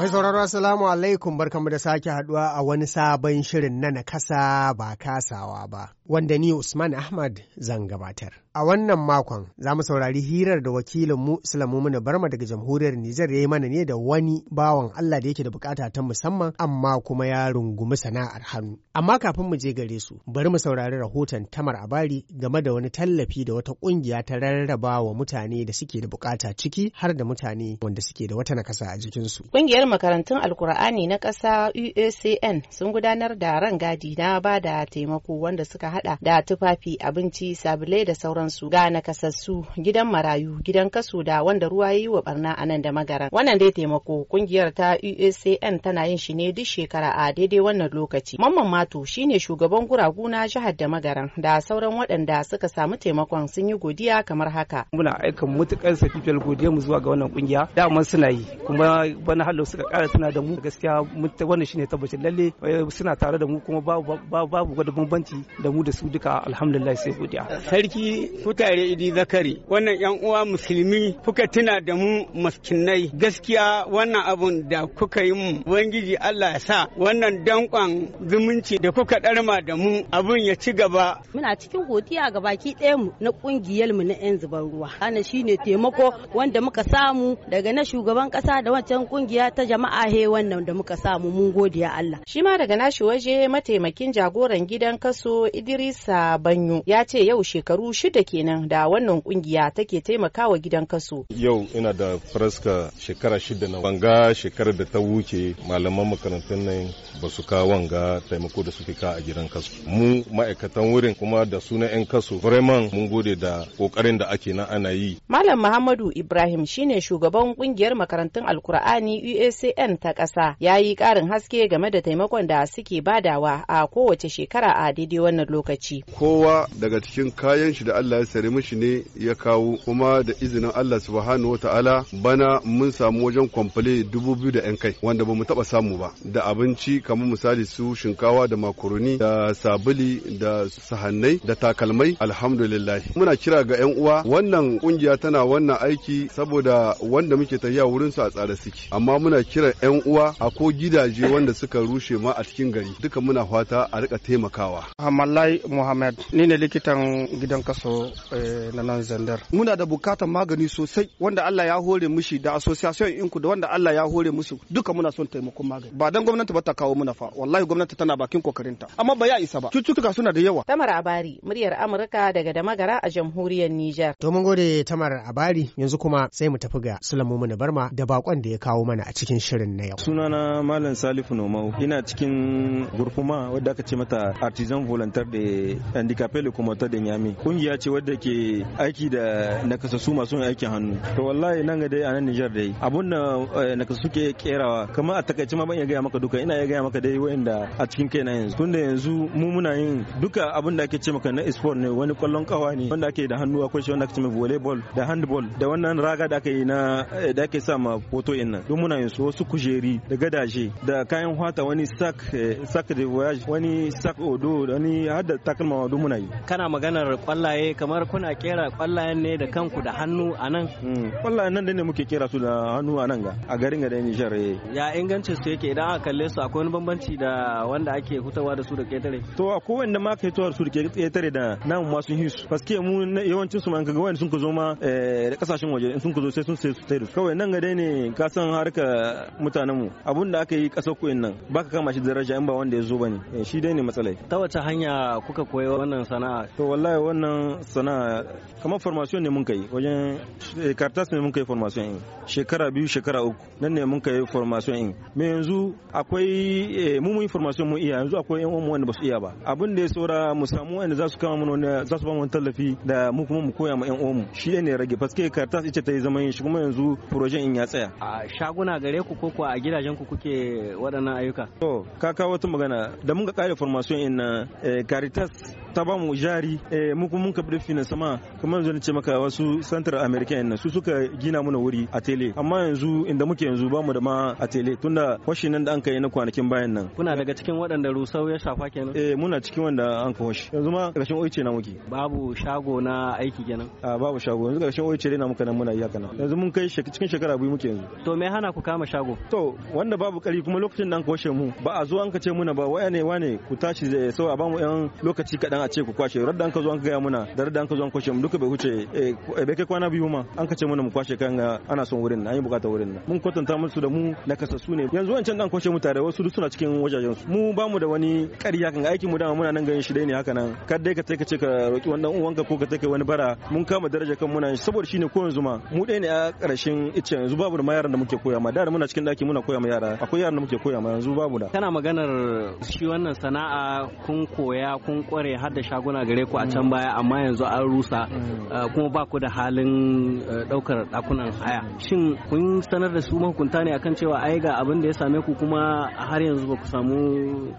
Mai sauraro Assalamu alaikum barkamu da sake haduwa a wani sabon shirin na nakasa ba kasawa ba, wanda ni Usman Ahmad zan gabatar. A wannan makon za mu saurari hirar da wakilin wakilinmu Sulamu Barma daga jamhuriyar Nijar ya yi mana ne da wani bawan Allah da yake da bukata ta musamman amma kuma ya rungumi sana'ar hannu. Amma kafin mu je gare su, bari mu saurari rahoton Tamar Abari game da wani tallafi da wata kungiya ta rarraba wa mutane da suke da bukata ciki har da mutane wanda suke da wata nakasa a jikinsu. Kungiyar makarantun alkur'ani na ƙasa uacn sun gudanar da ran gadi na ba da taimako wanda suka hada da tufafi abinci sabulai da sauransu ga nakasassu gidan marayu gidan kasu da wanda ruwa ya yi wa barna a nan da magaran wannan dai taimako kungiyar ta uacn tana yin shi ne duk shekara a daidai wannan lokaci mamman mato shine shugaban guragu na jihar da magaran da sauran waɗanda suka samu taimakon sun yi godiya kamar haka muna aika mutukar sakifiyar godiya mu zuwa ga wannan kungiya daman suna yi kuma bana halau suka kara tuna da mu gaskiya wannan shine tabbacin lalle eh, suna tare da mu kuma babu babu wani bambanci da mu da su duka alhamdulillah sai godiya sarki futare idi zakari wannan yan uwa musulmi kuka tuna da mu maskinai gaskiya wannan abun da kuka yi mu ubangiji Allah ya sa wannan dankon zumunci da kuka darma da mu abun ya ci gaba muna cikin godiya ga baki ɗaya mu na kungiyar mu na yan zuban ruwa ana shine taimako wanda muka samu daga na shugaban kasa da wancan kungiya ta jama'a he wannan da muka samu mun godiya Allah. Shi ma daga nashi waje mataimakin jagoran gidan kaso Idrisa Banyo ya ce yau shekaru shida kenan da wannan kungiya take taimakawa gidan kaso. Yau ina da faraska shekara shida na wanga shekarar da ta wuce malaman makarantun nan ba su kawo wanga taimako da suke ka a gidan kaso. Mu ma'aikatan wurin kuma da suna 'yan kaso vraiment mun gode da kokarin da ake na ana yi. Malam Muhammadu Ibrahim shine shugaban kungiyar makarantun Alkur'ani ACN ta ƙasa ya yi ƙarin haske game da taimakon da suke badawa a kowace shekara a daidai wannan lokaci. Kowa daga cikin kayan shi da Allah ya sare mishi ne ya kawo kuma da izinin Allah subhanahu wa ta'ala bana mun samu wajen kwamfale dubu biyu da 'yan kai wanda ba mu taɓa samu ba da abinci kamar misali su shinkawa da makaroni da sabuli da sahannai da takalmai alhamdulillah muna kira ga 'yan uwa wannan ƙungiya tana wannan aiki saboda wanda muke tafiya wurin su a tsare suke amma muna muna kiran 'yan uwa a ko gidaje wanda suka rushe ma a cikin gari duka muna fata a rika taimakawa. Hamalai Muhammad ni ne likitan gidan kaso eh, na nan zandar. Muna da bukatar magani sosai wanda Allah ya hore mushi da association inku da wanda Allah ya hore musu duka muna son taimakon magani. Ba dan gwamnati ba ta kawo muna fa wallahi gwamnati tana bakin kokarinta amma ba ya isa ba cututtuka suna da yawa. Tamar Abari muryar Amurka daga Damagara a jamhuriyar Nijar. To mun gode Tamar Abari yanzu kuma sai mu tafi ga na Barma da bakon da ya kawo mana a ciki. cikin shirin na yau. Sunana Malam Salifu Nomau ina cikin gurfuma wadda aka ce mata Artisan Volunteer de Handicapé Locomoteur da nyami. Kungiya ce wadda ke aiki da nakasassu masu yin aikin hannu. To wallahi nan ga dai a nan Niger dai abun da eh, nakasassu ke kerawa kamar a takaice ma ban iya gaya maka duka ina iya gaya maka dai wayanda a cikin kai na yanzu. Tunda yanzu mu muna yin duka abun da ake ce maka na sport ne wani kwallon kawa ne wanda ake da hannu akwai shi wanda ake ce volleyball da handball da wannan raga da ake yi na eh, da ake sa ma foto in nan. Duk muna yin su. musu wasu kujeri da gadaje da kayan hwata wani sak eh, sak de voyage wani sak odo wani har da takalma odo muna yi kana maganar kwallaye kamar kuna kera kwallayen ne da kanku da hannu a nan hmm, kwallayen nan da ne muke kera su da hannu a nan ga a garin ga da Nijar eh. ya ingancin su yake idan aka kalle su akwai wani bambanci da wanda ake hutawa da su da ketare to akwai wanda ma ka hutawa da su da ketare da namu ma sun hisu paske mu yawancin su ma ga wani sun ka zo ma eh, da kasashen waje sun ka zo sai sun sai su tayar kawai nan ga dai ne ka san harka da mutanenmu abun da aka yi kasar kuyin nan ba ka kama shi daraja in ba wanda ya zo ba ne eh, shi dai ne matsalai ta wace hanya kuka koyi wannan sana'a to wallahi wannan sana'a kamar formation ne mun kai wajen kartas eh, ne mun kai formation in shekara biyu shekara uku nan ne mun kai formation in me yanzu akwai eh, mu mun formation mu iya yanzu akwai yan uwan wanda ba su iya ba abun da ya saura mu samu wanda za su kama mu ne za su ba mu tallafi da mu kuma mu koya ma yan uwan mu shi ne rage paske kartas ita ta yi zaman shi kuma yanzu projet in ya tsaya a shaguna gare gare ku ko kuwa a gidajen ku kuke waɗannan ayyuka to ka kawo wata magana da mun ga kare formation in na eh, caritas ta ba mu jari eh, mu kuma mun kafa fina sama kuma yanzu ce maka wasu central american nan su suka gina muna wuri a tele amma yanzu inda muke yanzu ba mu da ma a tele tunda washi nan da an kai na kwanakin bayan nan kuna daga cikin waɗanda rusau ya shafa kenan eh muna cikin wanda an ka washi yanzu ma ƙarshen oice na muke babu shago na aiki kenan a babu shago yanzu ƙarshen oice na muka nan muna yi haka nan yanzu mun kai cikin shekara biyu muke yanzu to me hana ku kama shago to wanda babu kari kuma lokacin da an kwashe mu ba a zo an ka ce muna ba waya ne wane ku tashi da sau a bamu yan lokaci kadan a ce ku kwashe radda an ka zo an ga muna da radda an ka zo an kwashe mu duka bai huce eh, bai kai kwana biyu ma an ka ce muna mu kwashe kan ana son wurin an yi bukata wurin mun kwatanta musu da mu na kasa ne yanzu wancan dan kwashe mu tare wasu duk suna cikin wajajen su mu bamu da wani kariya kan aikin mu dama muna nan ganin shi dai ne haka nan kar dai ka ka ce ka roki wannan dan uwanka ko ka take wani bara mun kama daraja kan muna saboda shine ko yanzu ma mu dai ne a karshen ice yanzu babu da ma da muke koya ma da muna cikin daki muna koya ma yara akwai yaran da muke koya ma yanzu babu da kana maganar shi wannan sana'a kun koya kun kware har da shaguna gare ku a can baya amma yanzu an rusa mm. eh, kuma ba ku da halin daukar eh, dakunan haya shin kun sanar da su mahukunta ne akan cewa ai ga abin da ya same ku kuma har yanzu ba ku samu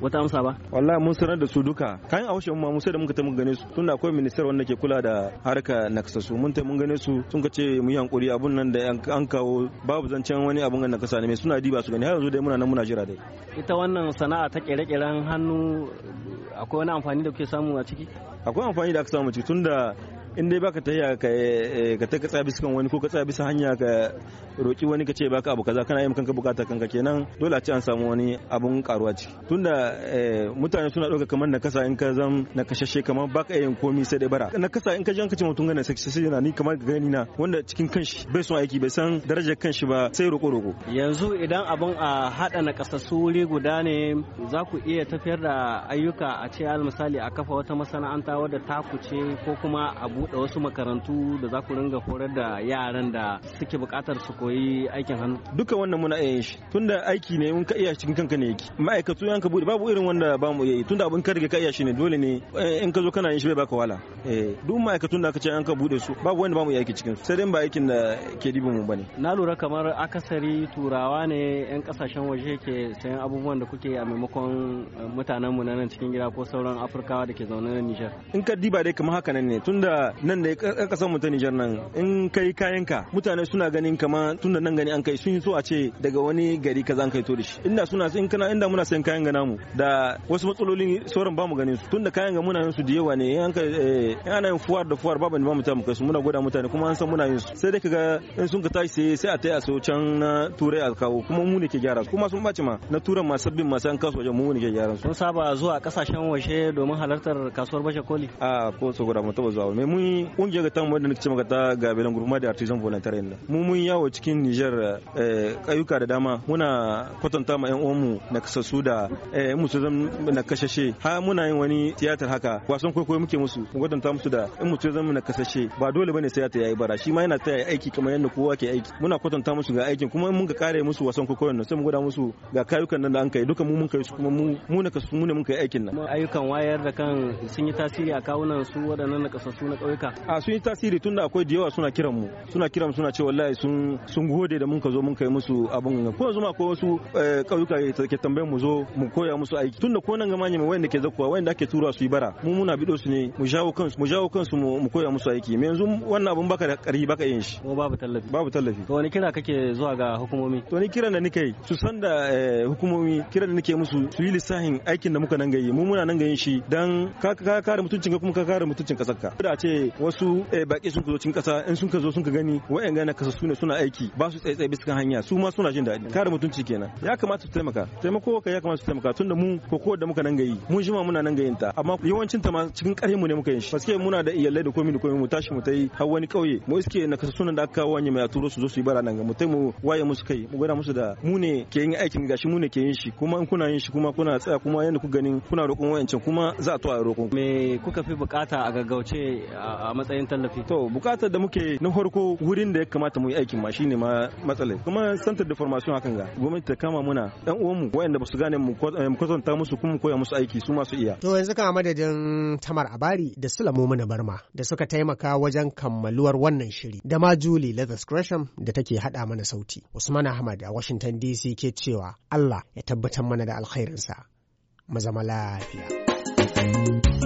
wata amsa ba wallahi mun sanar da su duka kayan a washe mu sai da muka ta muka gane su da akwai minister wanda ke kula da harka naksasu mun ta mun gane su sun ka ce mu yi hankuri abun nan da an kawo babu zancen wani abun na kasa ne mai suna diba su gani har yanzu dai muna nan muna jira dai ita wannan sana'a ta kere-keren hannu akwai wani amfani da kuke samu a ciki akwai amfani da aka samu ciki tunda in dai baka tahiya ka eh, ka ta katsa bisa wani ko katsa bisa hanya ka roki wani ka ce baka abu kaza kana yin kanka bukata kanka kenan dole a ce an samu wani abun karuwa ciki tunda eh, mutane suna dauka kamar na kasa in ka zam na kashashe kamar baka yin komi sai dai bara na kasa in ka ji an kace mutum gane sai sai yana ni kamar ga gani na wanda cikin kanshi bai son aiki bai san darajar kanshi ba sai roko roko yanzu idan abun a hada na su wuri guda ne za ku iya tafiyar da ayyuka a ce al misali a kafa wata masana'anta wadda ta kuce ko kuma abu buɗe wasu makarantu da za ku ringa horar da yaran da suke buƙatar su koyi aikin hannu duka wannan muna iya shi tunda aiki ne in ka iya cikin kanka ne yake ma'aikatu yanka buɗe babu irin wanda ba mu iya yi tunda abin ka riga ka iya shi ne dole ne eh, in ka zo kana yin shi bai baka wala eh duk ma'aikatun da aka ce an ka buɗe su babu wanda ba mu iya aiki cikin su sai dai ba aikin da ke dibin mu bane na lura kamar akasari turawa ne yan kasashen waje ke sayan abubuwan da kuke a maimakon eh, mutanen mu na nan cikin gida ko sauran afirkawa da ke zaune na Nijar in ka diba dai kamar haka nan ne tunda nan da ya kasar mutum ta Nijar nan in kai kayan ka mutane suna ganin kama tunda nan gani an kai sun so a ce daga wani gari kaza an kai to da shi inda suna in kana inda muna sayan kayan ga namu da wasu matsalolin sauran ba mu ganin su tunda kayan ga muna yin su da yawa ne in an eh, in ana yin fuwar da fuwar babu ba mu ta mu kai su muna gwada mutane kuma an san muna yin su sai dai kaga in sun ka tashi sai sai a taya so can na turai a kawo kuma mu ne ke gyara su kuma sun bace ma na turan ma sabbin masu san kasuwa wajen mu ne ke gyara su sun saba zuwa kasashen washe domin halartar kasuwar bashe koli a ko su guda mutum zuwa mai mun mun kungiyar ga tamu da nake cewa ta Belen Gurma da Artisan Volunteer ne. Mu mun yawo cikin Niger kayuka eh, da dama muna kwatanta ma yan uwanmu na kasasu da eh, musu zan na kashashe ha muna yin wani tiyatar haka wasan kwaikwayo muke musu kwatanta musu da in mutum zan na kasashe ba dole bane sai ta yayi bara shi ma yana ta yayi aiki kamar yadda kowa ke aiki muna kwatanta musu ga aikin kuma mun ga kare musu wasan kwaikwayon nan sai mu gwada musu ga kayukan nan da an kai duka mu mun kai su kuma mu mu na kasu mu ne mun kai aikin nan ayyukan wayar da kan sun yi tasiri a kawunan su waɗannan na kasasu na ƙauyuka a sun yi tasiri tun da akwai da yawa suna kiran mu suna kiran mu suna cewa wallahi sun sun gode da mun ka zo mun kai musu abun ko yanzu ma akwai wasu eh, ƙauyuka ke tambayar mu zo mu koya musu aiki tunda ko nan ga mai wanda ke zakuwa wanda ake tura su yi bara mu muna bido su ne mu jawo kansu mu jawo kansu mu koya musu aiki me yanzu wannan abun baka da ƙarfi baka yin shi ko babu tallafi babu tallafi to wani kira kake zuwa ga hukumomi to ni kiran da nake su san da eh, hukumomi kiran da nake musu su yi lissahin aikin da muka nan gayi mu muna nan gayin shi dan ka kare mutuncin ka kuma ka kare mutuncin kasarka da a ce wasu eh, baki sun zo cikin kasa in sun kazo sun ka gani wa'yan na kasa su ne suna aiki ba su tsaye tsaye bisa hanya su ma suna jin daɗi kare mutunci kenan ya kamata su taimaka taimako ka ya kamata su taimaka tunda mu ko kowa da muka nan gayi mun jima muna nan gayin ta amma yawancin ta ma cikin ƙarfin mu ne muka yin shi paske muna da iyalai da komai da komai mu tashi mu tai har wani ƙauye mu iske na kasa sunan da aka wani mai aturo su zo su yi bara nan ga mu taimu waye musu kai mu gwada musu da mu ne ke yin aikin gashi mu ne ke yin shi kuma in kuna yin shi kuma kuna tsaya kuma yanda ku ganin kuna roƙon wayancin kuma za a to a roƙon me kuka fi bukata a gaggauce a a matsayin tallafi to bukatar da muke na farko wurin da ya kamata mu yi aikin ma shine ma matsalai kuma center da formation hakan ga gwamnati ta kama muna yan uwanmu waɗanda ba su gane mu kwatanta eh, musu kuma koya musu aiki su masu iya to yanzu kan madadin tamar abari da sulamu mana barma da suka taimaka wajen kammaluwar wannan shiri da ma julie leathers gresham da take hada mana sauti usman ahmad a washington dc ke cewa allah ya tabbatar mana da alkhairinsa mu zama lafiya thank you